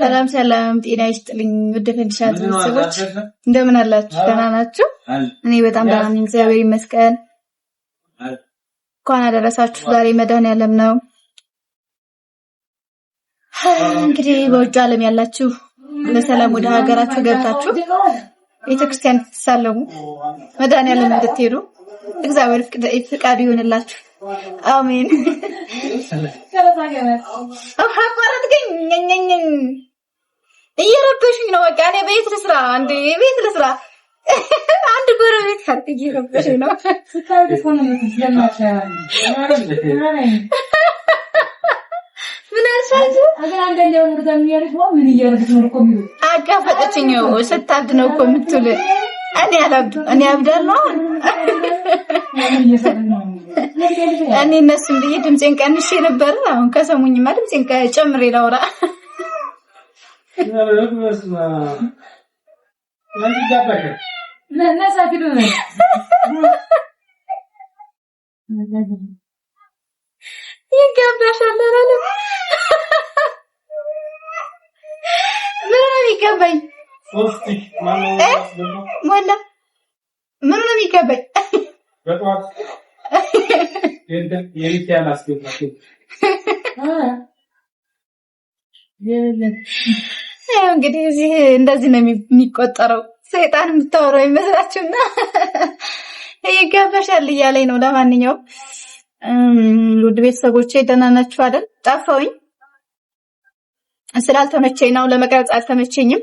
ሰላም ሰላም፣ ጤና ይስጥልኝ ውድ ፈንድሻ ቤተሰቦች እንደምን አላችሁ? ደህና ናችሁ? እኔ በጣም ደህና ነኝ፣ እግዚአብሔር ይመስገን። እንኳን አደረሳችሁ። ዛሬ መድኃኔዓለም ነው። እንግዲህ በውጭ ዓለም ያላችሁ በሰላም ወደ ሀገራችሁ ገብታችሁ ቤተክርስቲያን ትሳለሙ መድኃኔዓለም እንድትሄዱ እግዚአብሔር ፍቃድ ይሆንላችሁ። አሜን። አቋረጥከኝ። እየረበሽኝ ነው። በቃ እኔ ቤት ልስራ፣ ቤት ልስራ። አንድ ጎረቤት እየረበሽኝ ነው። ስታብድ ነው እኮ የምትውል። እኔ እኔ አሁን እኔ እነሱም ብዬ ድምፄን ቀንሼ ነበር። አሁን ከሰሙኝማ ድምፄን ጨምሬ ላውራ። ይገባሻል ምን ነው የሚገባኝ? ምን ነው የሚገባኝ? እንግዲህ እዚህ እንደዚህ ነው የሚቆጠረው። ሰይጣን የምታወራው ይመስላችሁና ይጋበሻል እያለኝ ነው። ለማንኛውም ውድ ቤተሰቦቼ ደህና ናችሁ አይደል? ጠፋሁኝ ስላልተመቸኝ ነው፣ ለመቅረጽ አልተመቸኝም።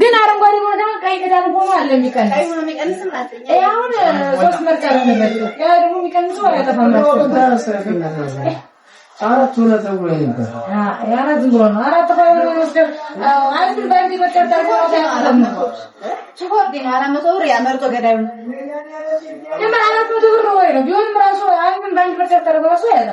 ግን አረንጓዴ ሆነ ደግሞ ቀይ ቅዳል ሆኖ አለ የሚቀንስ አሁን ሶስት ምርጫ ነው የሚመጣው። ያ ደግሞ የሚቀንሰው አራት ሆነ ተብሎ ነበር። አራት ብሎ ነው አራት አንድ በአንድ አራት መቶ ብር ብር ነው ራሱ አንድ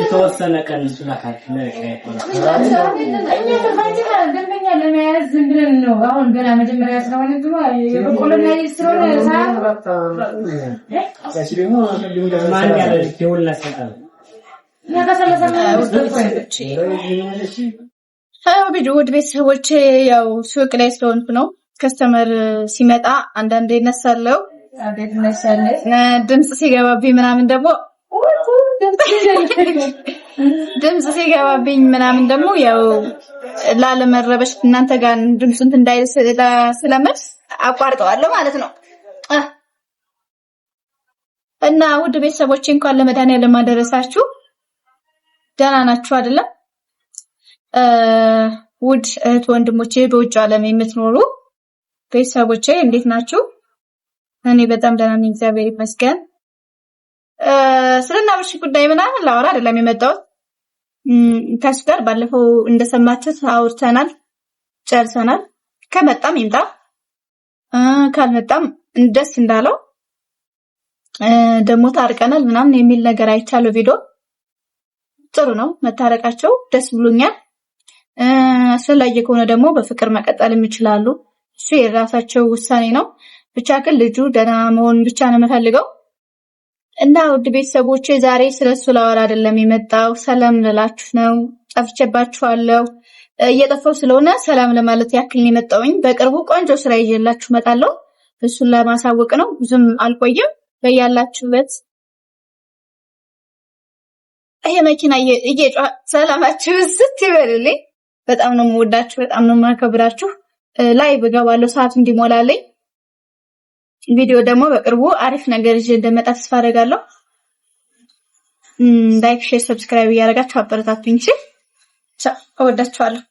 የተወሰነ ቀን ደንበኛ ለመያዝ ዝም ብለን ነው። አሁን ገና መጀመሪያ ስለሆነ ውድ ያው ሱቅ ላይ ስለሆንኩ ነው። ከስተመር ሲመጣ አንዳንዴ እነሳለሁ፣ ድምፅ ሲገባብኝ ምናምን ደግሞ ድምፅ ሲገባብኝ ምናምን ደግሞ ያው ላለመረበሽ እናንተ ጋር ድምፁን እንዳይል ስለምል አቋርጠዋለሁ ማለት ነው። እና ውድ ቤተሰቦች እንኳን ለመድኃኒዓለም አደረሳችሁ። ደህና ናችሁ አይደለም? ውድ እህት ወንድሞቼ፣ በውጭ ዓለም የምትኖሩ ቤተሰቦቼ እንዴት ናችሁ? እኔ በጣም ደህና ነኝ፣ እግዚአብሔር ይመስገን። ስለ ናብርሽ ጉዳይ ምናምን ላወራ አይደለም የመጣሁት። ከሱ ጋር ባለፈው እንደሰማችሁት አውርተናል፣ ጨርሰናል። ከመጣም ይምጣ ካልመጣም ደስ እንዳለው ደግሞ ታርቀናል ምናምን የሚል ነገር አይቻለው ቪዲዮ ጥሩ ነው መታረቃቸው ደስ ብሎኛል። አስፈላጊ ከሆነ ደግሞ በፍቅር መቀጠልም ይችላሉ። እሱ የራሳቸው ውሳኔ ነው። ብቻ ግን ልጁ ደህና መሆን ብቻ ነው የምፈልገው። እና ውድ ቤተሰቦቼ ዛሬ ስለ እሱ ላወራ አይደለም የመጣው፣ ሰላም ልላችሁ ነው። ጠፍቼባችኋለሁ። እየጠፋው ስለሆነ ሰላም ለማለት ያክል የመጣውኝ። በቅርቡ ቆንጆ ስራ ይዤላችሁ እመጣለሁ። እሱን ለማሳወቅ ነው። ብዙም አልቆይም። በያላችሁበት ይሄ መኪና እየጫ ሰላማችሁ ስት ይበልልኝ። በጣም ነው የምወዳችሁ፣ በጣም ነው የማከብራችሁ። ላይ ብገባለሁ ሰዓት እንዲሞላልኝ ቪዲዮ ደግሞ በቅርቡ አሪፍ ነገር ይዤ እንደመጣ ተስፋ አደርጋለሁ። ላይክ፣ ሼር፣ ሰብስክራይብ እያደረጋችሁ አበረታቱኝ። እሺ፣ እወዳችኋለሁ።